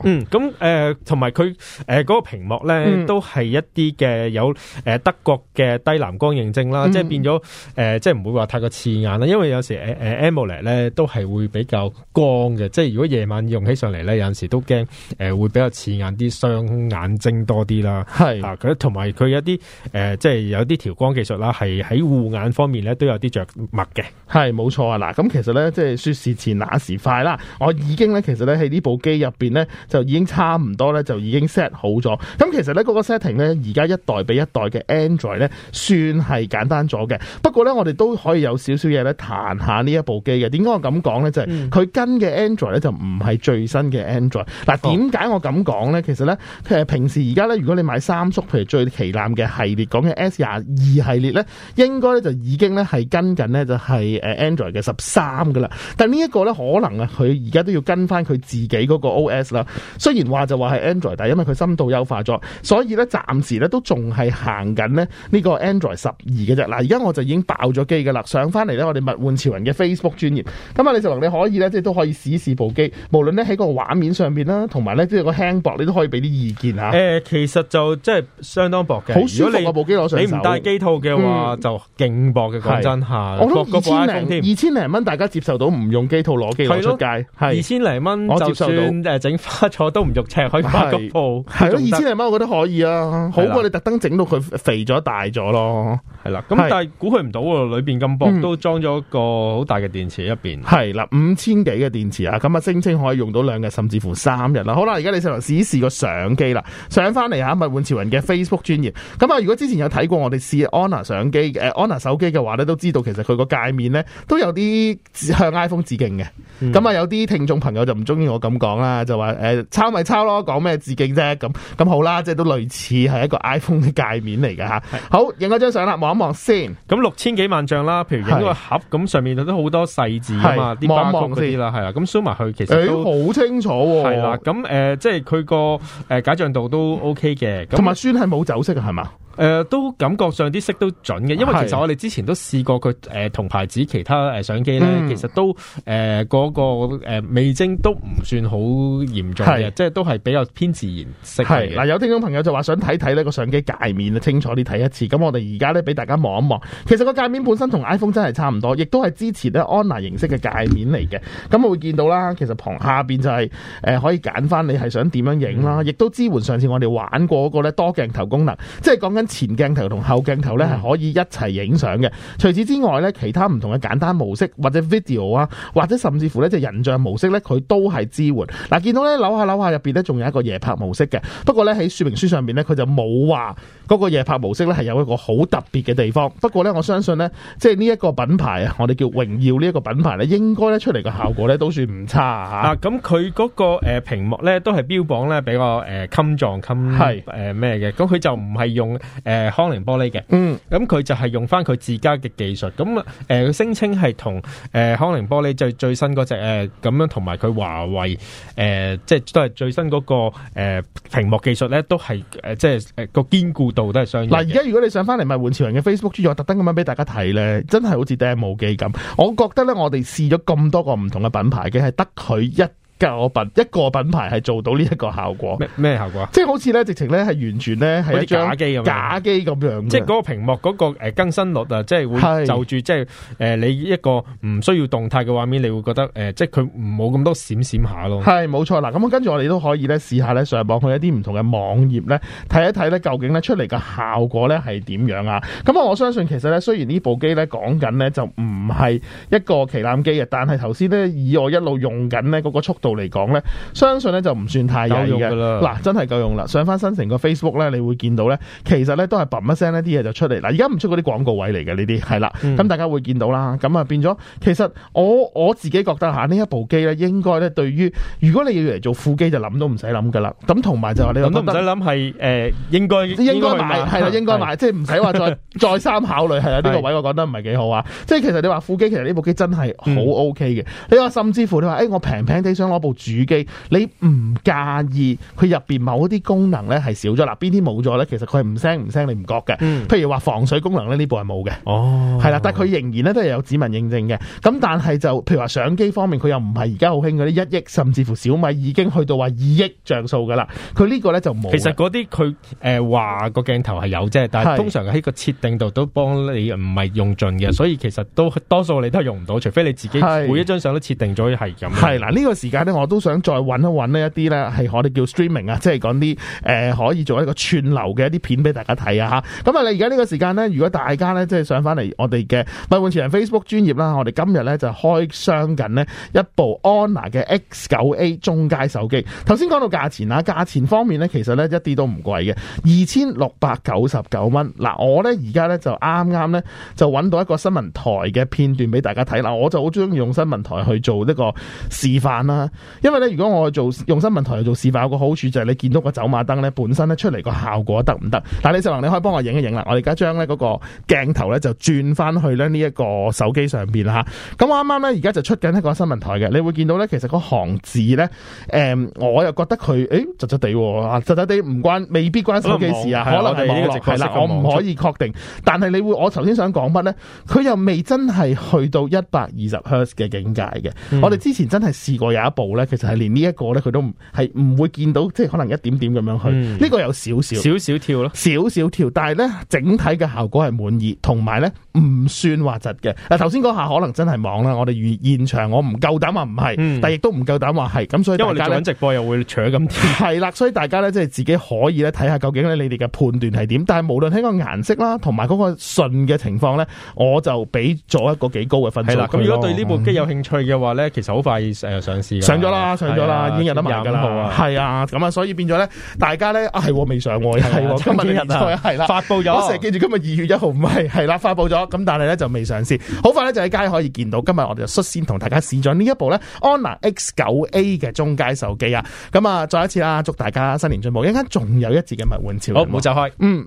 [SPEAKER 1] 嗯，咁誒，
[SPEAKER 3] 同埋佢誒個屏幕咧，嗯、都係一啲嘅有誒德國嘅低藍光認證啦、嗯呃，即係變咗誒，即係唔會話太過刺眼啦。因為有時誒誒，AMOLED 咧都係會比較光嘅，即係如果夜晚用起上嚟咧，有陣時都驚誒會比較刺眼啲雙眼睛多啲啦。係是啊，佢同埋佢有啲誒、
[SPEAKER 1] 呃，即係有啲調光技術啦，係喺。護眼方面咧都有啲着墨嘅，係冇錯啊！嗱，咁其實咧即係說時遲那時快啦，我已經咧其實咧喺呢部機入邊咧就已經差唔多咧就已經 set 好咗。咁其實咧嗰個 setting 咧而家一代比一代嘅 Android 咧算係簡單咗嘅。不過咧我哋都可以有少少嘢咧彈下呢一部機嘅。點解我咁講咧？就係、是、佢跟嘅 Android 咧就唔係最新嘅 Android。嗱，點解我咁講咧？其實咧，其實平時而家咧如果你買三叔，譬如最旗艦嘅系列，講嘅 S 廿二系列咧，應該。咧就已經咧係跟緊咧就係誒 Android 嘅十三嘅啦，但係呢一個咧可能啊佢而家都要跟翻佢自己嗰個 OS 啦。雖然話就話係 Android，但係因為佢深度優化咗，所以咧暫時咧都仲係行緊咧呢個 Android 十二嘅啫。嗱，而家我就已經爆咗機嘅啦，上翻嚟咧我哋物換潮人嘅 Facebook 專頁，咁啊李志宏你可以咧即係都可以試試部機，無論咧喺個畫面上邊啦，同埋咧即係個輕薄，你都可以俾啲意見嚇。
[SPEAKER 3] 誒，其實就即係相當薄嘅，好舒另外部機攞上手，你唔帶機套嘅話就～勁薄嘅，講真吓，是各我都二千零二
[SPEAKER 1] 千零蚊，大家接受到唔用機套攞機出街，的的二千零蚊就算我接受
[SPEAKER 3] 到、呃、整花錯都唔肉赤可以花個鋪，係二千零
[SPEAKER 1] 蚊我覺得可以啊，的好過你特登整到佢肥咗大咗咯，係啦，咁但係估佢唔到喎、啊，裏邊咁薄都裝咗個好大嘅電池入邊，係啦，五千幾嘅電池啊，咁啊聲稱可以用到兩日甚至乎三日啦、啊，好啦，而家你試下試試個相機啦，上翻嚟吓物玩潮人嘅 Facebook 專頁，咁啊如果之前有睇過我哋試 HONOR 相機嘅、呃手機嘅話咧，都知道其實佢個界面咧都有啲指向 iPhone 致敬嘅。咁啊，有啲聽眾朋友就唔中意我咁講啦，就話誒抄咪抄咯，講咩致敬啫。咁咁好啦，即係都類似係一個 iPhone 嘅界面嚟嘅吓。好，影咗張相啦，望一望先。咁六千幾萬像啦，譬如影咗個盒咁，上面都好
[SPEAKER 3] 多細字啊嘛，啲筆鋒嗰啲啦，係啦。咁 show 埋去，其實都好
[SPEAKER 1] 清楚。係啦，
[SPEAKER 3] 咁誒，即係佢個誒解像度都 OK 嘅。同埋
[SPEAKER 1] 算係冇走色啊，係嘛？
[SPEAKER 3] 誒、呃，都感覺上啲色都準嘅，因為其實我哋之前都試過佢，誒、呃、同牌子其他相機咧，嗯、其實都誒嗰、呃那個、呃、味精都唔算好嚴重嘅，是即
[SPEAKER 1] 係都係比較偏自然色的。係嗱，有聽眾朋友就話想睇睇呢個相機介面，清楚啲睇一次。咁我哋而家咧俾大家望一望，其實個介面本身同 iPhone 真係差唔多，亦都係支持咧安卓形式嘅介面嚟嘅。咁我會見到啦，其實旁下邊就係、是呃、可以揀返你係想點樣影啦，亦都支援上次我哋玩過嗰個咧多鏡頭功能，即係講緊。前鏡頭同後鏡頭咧係可以一齊影相嘅。除此之外咧，其他唔同嘅簡單模式或者 video 啊，或者甚至乎咧即係人像模式咧，佢都係支援。嗱、啊，見到咧扭下扭下入邊咧，仲有一個夜拍模式嘅。不過咧，喺說明書上面咧，佢就冇話嗰個夜拍模式咧係有一個好特別嘅地方。不過咧，我相信咧即係呢一個品牌啊，我哋叫榮耀呢一個品牌咧，應該咧出嚟嘅效果咧都算唔差嚇、啊。咁佢嗰個誒屏幕咧
[SPEAKER 3] 都係標榜咧比較誒襟撞襟係誒咩嘅。咁、呃、佢、呃、就唔係用。誒、呃，康寧玻璃嘅，嗯，咁佢、嗯、就係用翻佢自家嘅技術，咁誒，佢聲稱係同誒康寧玻璃最最新嗰隻誒咁樣，同埋佢華為誒、呃，即係都係最新嗰、那個誒、呃、屏幕技術咧，都係誒、呃、即係誒個堅固度都係相。嗱，而家
[SPEAKER 1] 如果你上翻嚟物玩潮人嘅 Facebook 專頁，特登咁樣俾大家睇咧，真係好似第冇幕機咁。我覺得咧，我哋試咗咁多個唔同嘅品牌嘅，係得佢一。我品一個品牌係做到呢一個效果，咩效果啊？即係好似咧，直情咧係完全咧係假機咁，假機咁
[SPEAKER 3] 樣。即係嗰個屏幕嗰個更新率啊，即係會就住是即係你一個唔需要動態嘅畫面，你會覺得即係佢佢冇咁多閃閃下咯。係
[SPEAKER 1] 冇錯，嗱咁跟住我哋都可以咧試下咧上網去一啲唔同嘅網頁咧睇一睇咧究竟咧出嚟嘅效果咧係點樣啊？咁啊，我相信其實咧雖然呢部機咧講緊咧就唔係一個旗艦機嘅，但係頭先咧以我一路用緊咧嗰個速度。嚟講咧，相信咧就唔算太有用噶啦。嗱，真係夠用啦。上翻新城個 Facebook 咧，你會見到咧，其實咧都係嘭一聲呢啲嘢就出嚟。嗱，而家唔出嗰啲廣告位嚟嘅呢啲係啦。咁大家會見到啦。咁啊變咗，其實我我自己覺得吓呢一部機咧，應該咧對於如果你要嚟做副機，就諗都唔使諗噶啦。咁同埋就話你諗都唔使諗係誒，應該應該買係啦，應該買，即係唔使話再再三考慮係啦。呢個位我覺得唔係幾好啊。即係其實你話副機，其實呢部機真係好 OK 嘅。你話甚至乎你話誒，我平平地想攞部主機你唔介意佢入邊某一啲功能咧係少咗啦邊啲冇咗咧？其實佢係唔聲唔聲你唔覺嘅。嗯。譬如話防水功能呢，呢部係冇嘅。哦。係啦，但係佢仍然咧都係有指紋認證嘅。咁但係就譬如話相機方面，佢又唔係而家好興嗰啲一億，甚至乎小米已經去到話二億像素噶啦。佢呢個咧就冇。其實嗰啲佢誒話個鏡頭係有啫，但係
[SPEAKER 3] 通常喺個設定度都幫你唔係用盡嘅，所以其實都多數你都係用唔到，除非你
[SPEAKER 1] 自己每一張相都設定咗係咁。係啦，呢個時間。我都想再揾一揾呢一啲呢，係我哋叫 streaming 啊，即係講啲誒可以做一個串流嘅一啲片俾大家睇啊吓。咁啊，你而家呢個時間呢，如果大家呢，即係上翻嚟我哋嘅物玩潮人 Facebook 專頁啦，我哋今日呢，就開箱緊呢一部 HONOR 嘅 X 九 A 中階手機。頭先講到價錢啊，價錢方面呢，其實呢，一啲都唔貴嘅，二千六百九十九蚊。嗱，我呢，而家呢，就啱啱呢，就揾到一個新聞台嘅片段俾大家睇，嗱我就好中意用新聞台去做呢個示範啦。因為咧，如果我做用新聞台去做示範，有個好處就係你見到個走馬燈咧，本身咧出嚟，個效果得唔得？但係李志你可以幫我影一影啦。我哋而家將呢嗰個鏡頭咧就轉翻去咧呢一個手機上邊啦，咁我啱啱咧而家就出緊一個新聞台嘅，你會見到咧其實個行字咧，誒，我又覺得佢誒，窒窒地，窒窒地，唔關未必關手機事啊，可能係網絡啦，我唔可以確定。但係你會，我頭先想講乜咧？佢又未真係去到一百二十赫茲嘅境界嘅。我哋之前真係試過有一部。其實係連呢一個咧佢都係唔會見到，即係可能一點點咁樣去。呢、嗯、個有少少少少跳咯，少少跳。但係咧整體嘅效果係滿意，同埋咧唔算話窒嘅。嗱，頭先嗰下可能真係忙啦，我哋現現場我唔夠膽話唔係，嗯、但亦都唔夠膽話係。咁所以因為我哋直播又會搶咁跳。係啦，所以大家咧即係自己可以咧睇下究竟咧你哋嘅判斷係點。但係無論喺個顏色啦，同埋嗰個順嘅情況咧，我就俾咗一個幾高嘅分數。咁如果對呢部機有興趣嘅話咧，嗯、其實好快又上市咗啦，上咗啦，已經有得賣噶啦，係啊，咁啊，所以變咗咧，大家咧啊，係未上喎，今日二月一號啊，係啦，發佈咗，我成日記住今日二月一號，唔係，係啦，發佈咗，咁但係咧就未上市，好快咧就喺街可以見到，今日我哋就率先同大家試咗呢一部咧 HONOR X9a 嘅中階手機啊，咁啊，再一次啊，祝大家新年進步，一陣間仲有一節嘅物玩潮人，好唔好走開？嗯，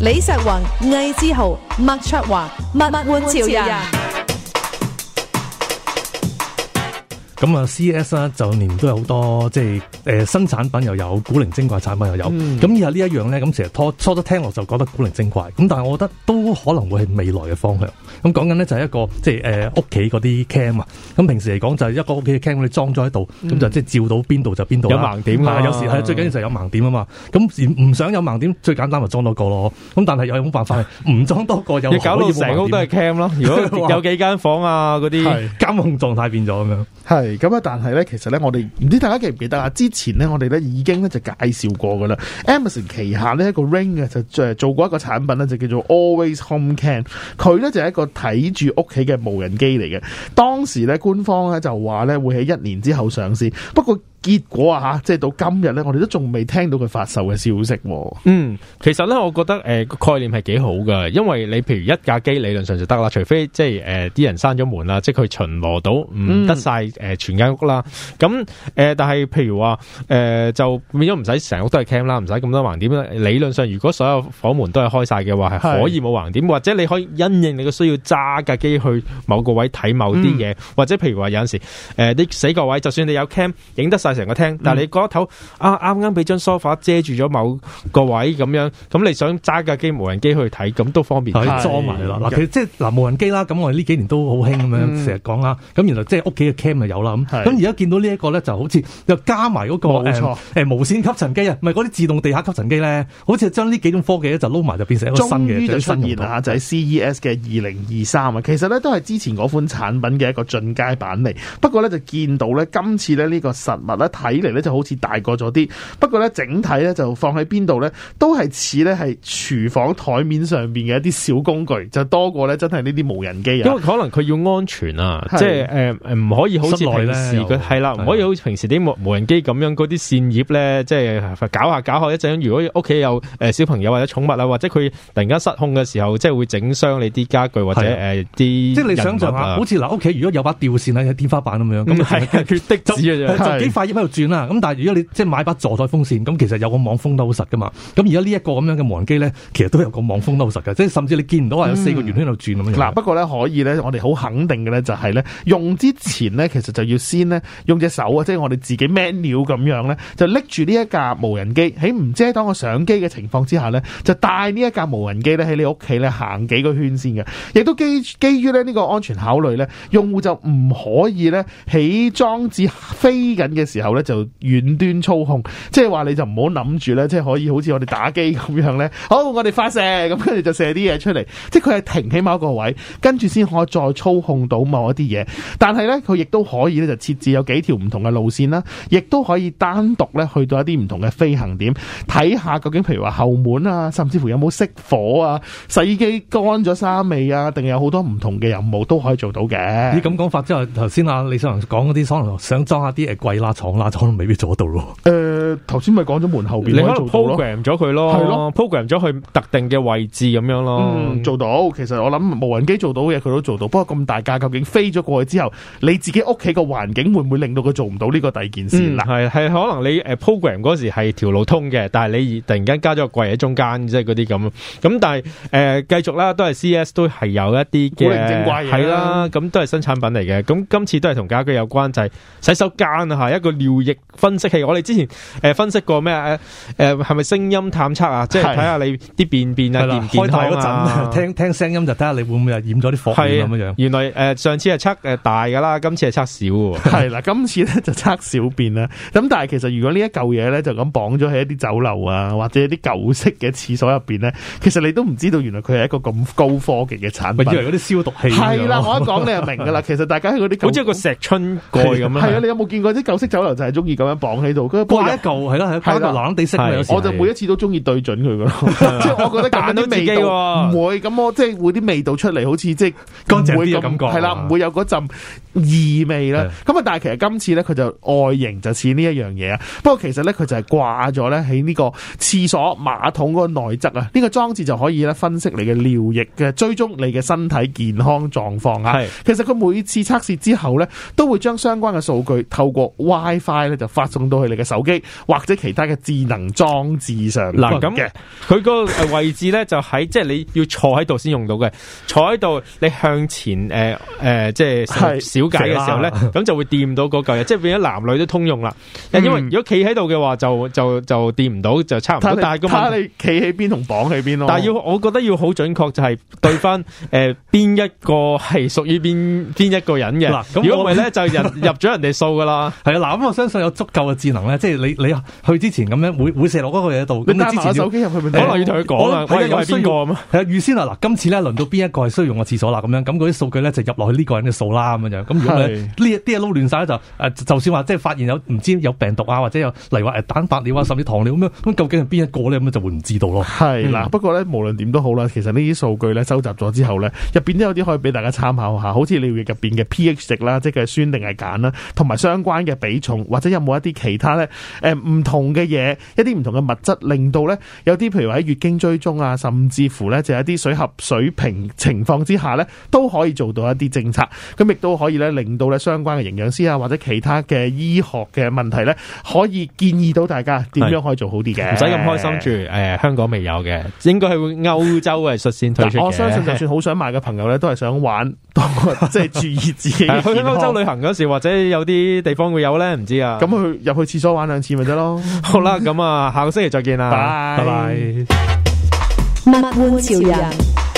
[SPEAKER 2] 李石雲、魏志豪、麥卓華、物玩潮人。咁啊，C S 啦，就年都有好多，即係誒新產品又有，古靈精怪產品又有。咁、嗯、而啊呢一樣咧，咁成日拖初初聽落就覺得古靈精怪。咁但係我覺得都可能會係未來嘅方向。咁講緊咧就係一個即係誒屋企嗰啲 cam 啊。咁、呃、平時嚟講就係一個屋企嘅 cam，你哋裝咗喺度，咁就、嗯、即係照到邊度就邊度。有盲點啊，有時係最緊要就係有盲點啊嘛。咁唔想有盲點，最簡單咪裝多個咯。咁但係又有冇辦法唔裝 多個又冇盲點？你搞到成屋都係 cam 咯？如果有
[SPEAKER 3] 幾間房啊，嗰啲
[SPEAKER 2] 監控狀態變咗咁樣。係。咁啊，但係
[SPEAKER 1] 咧，其實咧，我哋唔知大家記唔記得啊？之前咧，我哋咧已經咧就介紹過噶啦，Amazon 旗下呢一個 Ring 嘅就做過一個產品咧，就叫做 Always Home Cam。佢咧就係、一個睇住屋企嘅無人機嚟嘅。當時咧官方咧就話咧會喺一年之後上市，不過。結果啊吓，即係到今日咧，我哋都仲未聽到佢發售嘅消息，啊。嗯，
[SPEAKER 3] 其實咧，我覺得誒個、呃、概念係幾好噶，因為你譬如一架機理論上就得啦，除非即係誒啲人閂咗門啦，即係佢巡邏到唔得晒誒、呃、全間屋啦。咁誒、嗯呃，但係譬如話誒、呃、就變咗唔使成屋都係 cam 啦，唔使咁多橫點啦。理論上，如果所有房門都係開晒嘅話，係可以冇橫點，是或者你可以因應你嘅需要揸架機去某個位睇某啲嘢，嗯、或者譬如話有陣時誒啲、呃、死角位，就算你有 cam 影得晒。成個廳，但係你嗰一頭、嗯、啊啱啱俾張 sofa 遮住咗某個位咁樣，咁你想揸架機、無人機去睇，咁都方便。佢裝埋啦，嗱，嗯、其
[SPEAKER 2] 實即係嗱，無人機啦，咁我哋呢幾年都好興咁樣，成日講啦。咁、嗯、原來即係屋企嘅 cam 咪有啦，咁咁而家見到呢、這、一個咧，就好似又加埋嗰、那個誒誒冇錯，無線吸塵機啊，唔係嗰啲自動地下吸塵機咧，好似將呢幾種科技咧就撈埋就變成一個新嘅。終於實現啊，就喺 CES 嘅二零
[SPEAKER 1] 二三啊，其實咧都係之前嗰款產品嘅一個進階版嚟，不過咧就見到咧今次咧呢、這個實物。睇嚟咧就好似大個咗啲，不過咧整體咧就放喺邊度咧都係似咧係廚房台面上邊嘅一啲小工具，就多過咧真係呢啲無人機。因
[SPEAKER 3] 為可能佢要安全啊，是的即係誒誒唔可以好似平時佢係啦，唔的可以好似平時啲無，的無人機咁樣嗰啲扇葉咧，即係搞一下搞一下一陣。如果屋企有誒小朋友或者寵物啊，或者佢突然間失控嘅時候，即係會整傷你啲家具，的或者
[SPEAKER 2] 誒啲。即係你想象下，好似嗱屋企如果有把吊扇啊、天花板咁樣，咁係
[SPEAKER 3] 決的止嘅
[SPEAKER 2] 喺度轉啦，咁但係如果你即係買把座台風扇，咁其實有個網封得好實噶嘛。咁而家呢一個咁樣嘅無人機咧，其實都有個網封得好實嘅，即係甚至你見唔到話有四個圓圈喺度轉咁樣。嗱、嗯，不過咧可以咧，我哋好肯定嘅咧、就是，就係咧用之前咧，其實就要先呢，用隻
[SPEAKER 1] 手啊，即係我哋自己 manual 咁樣咧，就拎住呢一架無人機喺唔遮擋個相機嘅情況之下咧，就帶呢一架無人機咧喺你屋企咧行幾個圈先嘅。亦都基基於呢呢個安全考慮咧，用戶就唔可以咧起裝置飛緊嘅時候。後咧就遠端操控，即係話你就唔好諗住咧，即係可以好似我哋打機咁樣咧。好，我哋發射，咁跟住就射啲嘢出嚟。即係佢係停喺某一個位，跟住先可以再操控到某一啲嘢。但係咧，佢亦都可以咧就設置有幾條唔同嘅路線啦，亦都可以單獨咧去到一啲唔同嘅飛行點，睇下究竟譬如話後門啊，甚至乎有冇熄火啊，洗衣機乾咗衫未啊，定有好多唔同嘅任務都可以做到嘅。咦，
[SPEAKER 2] 咁講法即係頭先啊，李小龍講嗰啲，可能想裝下啲誒櫃啦，可能未必做得到咯。誒、
[SPEAKER 1] 呃，頭先咪講咗門後邊，你可能 program 咗佢咯，係咯，program 咗佢特定嘅位置咁樣咯。嗯，做到，其實我諗無人機做到嘅嘢，佢都做到。不過咁大架，究竟飛咗過去之後，你自己屋企個環境會唔會令到佢做唔到呢個第二件
[SPEAKER 3] 事啦？係係、嗯，可能你誒 program 嗰時係條路通嘅，但係你突然間加咗個櫃喺中間，即係嗰啲咁。咁但係誒，繼、呃、續啦，都係 C S 都係有一啲古靈精怪嘢、啊，係啦，咁都係新產品嚟嘅。咁今次都係同家居有關，就係、是、洗手間啊，一個。尿液分析器，我哋之前誒分析過咩誒？誒係咪聲音探
[SPEAKER 2] 測啊？即係睇下你
[SPEAKER 3] 啲便便啊，健唔健康啊？聽
[SPEAKER 2] 聽聲音就睇下你會唔會又染咗啲火藥咁樣。
[SPEAKER 1] 原來誒上次係測誒大噶啦，今次係測小。係啦，今次咧就測小便啦。咁但係其實如果呢一嚿嘢咧就咁綁咗喺一啲酒樓啊，或者啲舊式嘅廁所入邊咧，其實你都唔知道原來佢係一個咁高科技嘅產品，以為嗰啲消毒器。係啦，我一講你就明噶啦。其實大家喺嗰啲，好似個石春蓋咁樣。係啊，你有冇見過啲舊式酒？可能就係中意咁樣綁喺度，跟住一嚿係咯，係啦，冷地色我就每一次都中意對準佢咯，即係我覺得揀到味道，唔會咁我即係會啲味道出嚟，好似即係乾淨嘅感覺，係啦，唔會有嗰陣異味啦。咁啊，但係其實今次咧，佢就外形就似呢一樣嘢啊。不過其實咧，佢就係掛咗咧喺呢個廁所馬桶嗰個內側啊，呢個裝置就可以咧分析你嘅尿液嘅追蹤你嘅身體健康狀況啊。係，其實佢每次測試之後咧，都會將相關嘅數據透過 wifi 咧就發送到去你嘅手機或者其他嘅智能裝置上嗱咁嘅，
[SPEAKER 3] 佢個位置咧就喺即係你要坐喺度先用到嘅，坐喺度你向前誒誒即係小解嘅時候咧，咁就會掂到嗰嚿嘢，即係變咗男女都通用啦。因為如果企喺度嘅話就就就掂唔到就差唔多，但係咁睇你企喺邊同綁喺邊咯。但係要我覺得要好準確就係對翻誒邊一
[SPEAKER 2] 個係屬於邊邊一個人嘅。咁如果唔係咧就人入咗人哋數噶啦，係啊咁我相信有足夠嘅智能咧，即係你你去之前咁樣會會射落嗰個嘢度，你帶埋手機入去咪？可能要同佢講啦。係啊、哎，預先啊，嗱，今次咧輪到邊一個係需要用個廁所啦，咁樣咁嗰啲數據咧就入落去呢個人嘅數啦，咁樣樣。咁如果呢啲嘢撈亂曬就就算話即係發現有唔知有病毒啊，或者有例如話蛋白尿啊，甚至糖尿咁樣，咁究竟係邊一個咧？咁啊就會唔知道咯。係
[SPEAKER 1] 嗱，嗯、不過咧無論點都好啦，其實呢啲數據咧收集咗之後咧，入邊都有啲可以俾大家參考下，好似尿液入邊嘅 pH 值啦，即係酸定係鹼啦，同埋相關嘅比重。同或者有冇一啲其他咧？誒、呃、唔同嘅嘢，一啲唔同嘅物質，令到咧有啲譬如話喺月經追蹤啊，甚至乎咧就係、是、一啲水合水平情況之下咧，都可以做到一啲政策，咁亦都可以咧令到咧相關嘅營養師啊，或者其他嘅醫學嘅問題咧，可以建議到大家點樣可以做好啲嘅。唔使咁開心住，誒、呃、香港未有
[SPEAKER 3] 嘅，應該係會歐洲嘅率先推出嘅 我相信就算
[SPEAKER 1] 好想買嘅朋友咧，都係
[SPEAKER 3] 想玩，即
[SPEAKER 1] 係、就是、注意自己嘅健康 去歐洲旅
[SPEAKER 3] 行嗰時候，或者有啲地方會有咧。唔知啊，咁去
[SPEAKER 1] 入去廁所玩兩次咪得囉。 好
[SPEAKER 3] 啦，咁啊，下個星期再見喇，拜拜 Bye。Bye
[SPEAKER 2] bye